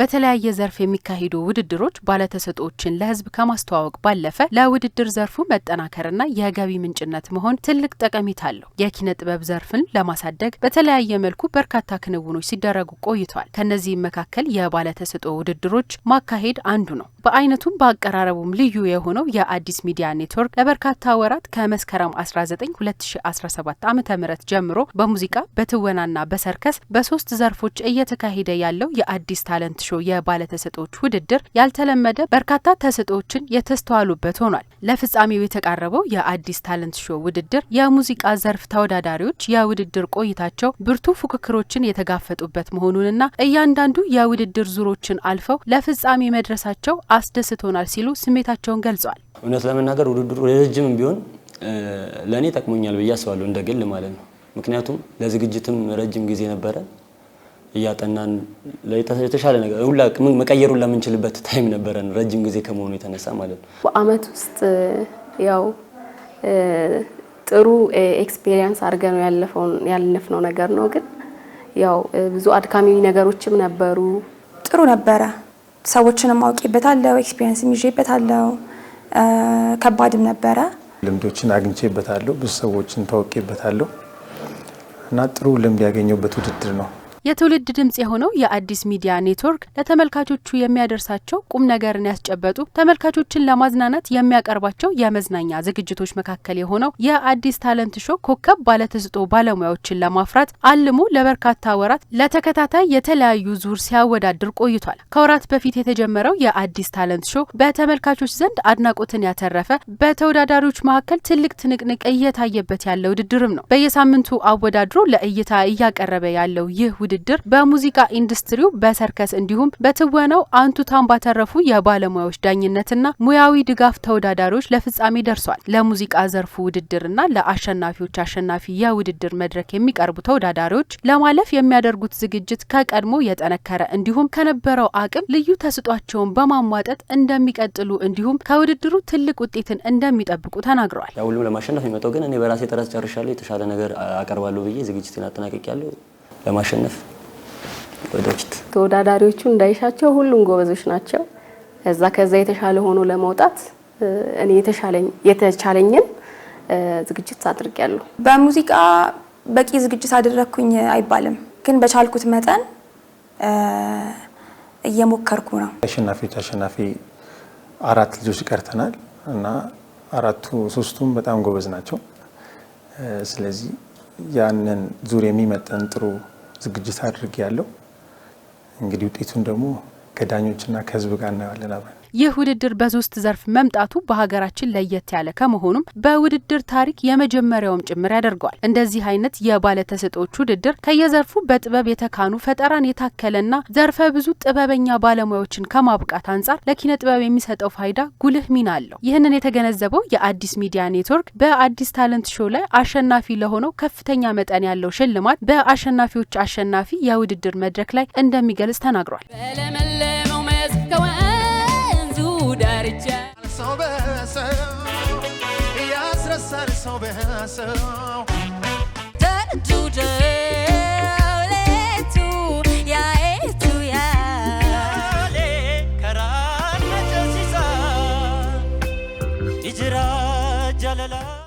በተለያየ ዘርፍ የሚካሄዱ ውድድሮች ባለተሰጦችን ለህዝብ ከማስተዋወቅ ባለፈ ለውድድር ዘርፉ መጠናከርና የገቢ ምንጭነት መሆን ትልቅ ጠቀሜታ አለው። የኪነ ጥበብ ዘርፍን ለማሳደግ በተለያየ መልኩ በርካታ ክንውኖች ሲደረጉ ቆይተዋል። ከነዚህም መካከል የባለተሰጦ ውድድሮች ማካሄድ አንዱ ነው። በአይነቱም በአቀራረቡም ልዩ የሆነው የአዲስ ሚዲያ ኔትወርክ ለበርካታ ወራት ከመስከረም 19 2017 ዓ ም ጀምሮ በሙዚቃ በትወናና በሰርከስ በሶስት ዘርፎች እየተካሄደ ያለው የአዲስ ታለንት ሾ የባለተሰጦች ውድድር ያልተለመደ በርካታ ተሰጦችን የተስተዋሉበት ሆኗል። ለፍጻሜው የተቃረበው የአዲስ ታለንት ሾ ውድድር የሙዚቃ ዘርፍ ተወዳዳሪዎች የውድድር ቆይታቸው ብርቱ ፉክክሮችን የተጋፈጡበት መሆኑንና እያንዳንዱ የውድድር ዙሮችን አልፈው ለፍጻሜ መድረሳቸው አስደስቶናል ሲሉ ስሜታቸውን ገልጿል። እውነት ለመናገር ውድድሩ ረጅምም ቢሆን ለእኔ ጠቅሞኛል ብዬ አስባለሁ፣ እንደ ግል ማለት ነው። ምክንያቱም ለዝግጅትም ረጅም ጊዜ ነበረ እያጠናን የተሻለ ነገር ሁላ መቀየሩን ለምንችልበት ታይም ነበረን፣ ረጅም ጊዜ ከመሆኑ የተነሳ ማለት ነው። በአመት ውስጥ ያው ጥሩ ኤክስፔሪየንስ ነው ያለፍነው ነገር ነው። ግን ያው ብዙ አድካሚ ነገሮችም ነበሩ። ጥሩ ነበረ። ሰዎችንም አውቄበታለሁ፣ ኤክስፒሪየንስ ይዤበታለሁ። ከባድም ነበረ። ልምዶችን አግኝቼበታለሁ፣ ብዙ ሰዎችን ታውቄበታለሁ እና ጥሩ ልምድ ያገኘሁበት ውድድር ነው። የትውልድ ድምጽ የሆነው የአዲስ ሚዲያ ኔትወርክ ለተመልካቾቹ የሚያደርሳቸው ቁም ነገርን ያስጨበጡ ተመልካቾችን ለማዝናናት የሚያቀርባቸው የመዝናኛ ዝግጅቶች መካከል የሆነው የአዲስ ታለንት ሾ ኮከብ ባለተስጦ ባለሙያዎችን ለማፍራት አልሞ ለበርካታ ወራት ለተከታታይ የተለያዩ ዙር ሲያወዳድር ቆይቷል። ከወራት በፊት የተጀመረው የአዲስ ታለንት ሾ በተመልካቾች ዘንድ አድናቆትን ያተረፈ በተወዳዳሪዎች መካከል ትልቅ ትንቅንቅ እየታየበት ያለ ውድድርም ነው። በየሳምንቱ አወዳድሮ ለእይታ እያቀረበ ያለው ይህ ውድድር በሙዚቃ ኢንዱስትሪው በሰርከስ እንዲሁም በትወነው አንቱታን ባተረፉ የባለሙያዎች ዳኝነትና ሙያዊ ድጋፍ ተወዳዳሪዎች ለፍጻሜ ደርሷል። ለሙዚቃ ዘርፉ ውድድርና ለአሸናፊዎች አሸናፊ የውድድር መድረክ የሚቀርቡ ተወዳዳሪዎች ለማለፍ የሚያደርጉት ዝግጅት ከቀድሞ የጠነከረ እንዲሁም ከነበረው አቅም ልዩ ተስጧቸውን በማሟጠጥ እንደሚቀጥሉ እንዲሁም ከውድድሩ ትልቅ ውጤትን እንደሚጠብቁ ተናግረዋል። ሁሉም ለማሸነፍ የሚመጣው ግን እኔ በራሴ ጥረት ጨርሻለሁ፣ የተሻለ ነገር አቀርባለሁ ብዬ ዝግጅትን አጠናቅቄያለሁ። ለማሸነፍ ወደፊት ተወዳዳሪዎቹ እንዳይሻቸው ሁሉም ጎበዞች ናቸው። ከዛ ከዛ የተሻለ ሆኖ ለመውጣት እኔ የተሻለኝ የተቻለኝን ዝግጅት አድርጌያለሁ። በሙዚቃ በቂ ዝግጅት አደረግኩኝ አይባልም፣ ግን በቻልኩት መጠን እየሞከርኩ ነው። አሸናፊ አሸናፊ አራት ልጆች ቀርተናል እና አራቱ ሶስቱም በጣም ጎበዝ ናቸው። ስለዚህ ያንን ዙር የሚመጠን ጥሩ ዝግጅት አድርጌ ያለው እንግዲህ ውጤቱን ደግሞ ከዳኞችና ከህዝብ ጋር እናየዋለን አብረን ይህ ውድድር በሶስት ዘርፍ መምጣቱ በሀገራችን ለየት ያለ ከመሆኑም በውድድር ታሪክ የመጀመሪያውም ጭምር ያደርገዋል። እንደዚህ አይነት የባለተሰጦች ውድድር ከየዘርፉ በጥበብ የተካኑ ፈጠራን የታከለና ዘርፈ ብዙ ጥበበኛ ባለሙያዎችን ከማብቃት አንጻር ለኪነ ጥበብ የሚሰጠው ፋይዳ ጉልህ ሚና አለው። ይህንን የተገነዘበው የአዲስ ሚዲያ ኔትወርክ በአዲስ ታለንት ሾው ላይ አሸናፊ ለሆነው ከፍተኛ መጠን ያለው ሽልማት በአሸናፊዎች አሸናፊ የውድድር መድረክ ላይ እንደሚገልጽ ተናግሯል። coração.